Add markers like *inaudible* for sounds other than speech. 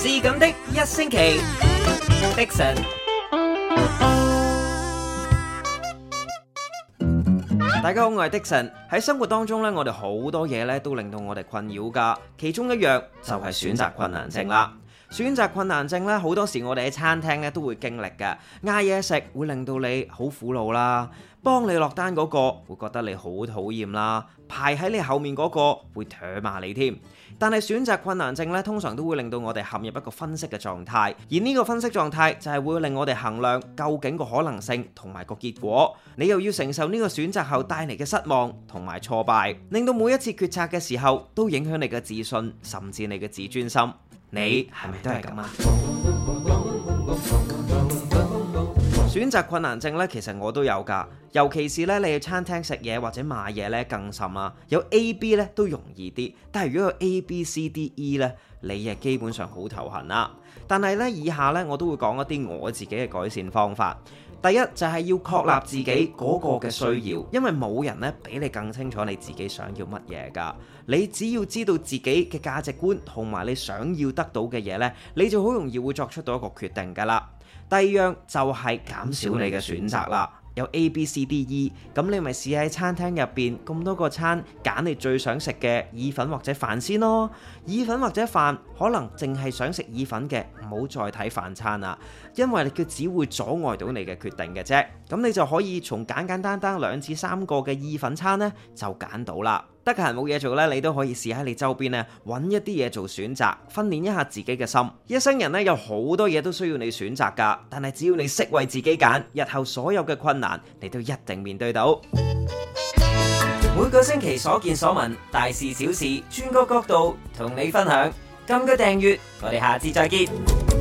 是咁的一星期，迪燊。大家好，我係迪燊。喺生活當中咧，我哋好多嘢咧都令到我哋困擾噶，其中一樣就係選擇困難症啦。選擇困難症咧，好多時我哋喺餐廳咧都會經歷嘅。嗌嘢食會令到你好苦惱啦，幫你落單嗰個會覺得你好討厭啦，排喺你後面嗰個會唾罵你添。但係選擇困難症咧，通常都會令到我哋陷入一個分析嘅狀態，而呢個分析狀態就係會令我哋衡量究竟個可能性同埋個結果。你又要承受呢個選擇後帶嚟嘅失望同埋挫敗，令到每一次決策嘅時候都影響你嘅自信甚至你嘅自尊心。你係咪都係咁啊？ *music* 選擇困難症咧，其實我都有噶，尤其是咧你去餐廳食嘢或者買嘢咧更甚啦、啊。有 A、B 咧都容易啲，但係如果有 A、B、C、D、E 咧，你亦基本上好頭痕啦、啊。但係咧以下咧我都會講一啲我自己嘅改善方法。第一就係、是、要確立自己嗰個嘅需要，因為冇人咧比你更清楚你自己想要乜嘢噶。你只要知道自己嘅價值觀同埋你想要得到嘅嘢咧，你就好容易會作出到一個決定噶啦。第二樣就係減少你嘅選擇啦，有 A、B、C、D、E，咁你咪試喺餐廳入邊咁多個餐揀你最想食嘅意粉或者飯先咯。意粉或者飯可能淨係想食意粉嘅，唔好再睇飯餐啦，因為你佢只會阻礙到你嘅決定嘅啫。咁你就可以從簡簡單單兩至三個嘅意粉餐呢，就揀到啦。得閒冇嘢做呢，你都可以試下。你周邊咧揾，一啲嘢做選擇，訓練一下自己嘅心。一生人呢，有好多嘢都需要你選擇噶，但係只要你識為自己揀，日後所有嘅困難你都一定面對到。每個星期所見所聞，大事小事，轉個角度同你分享。撳個訂閱，我哋下次再見。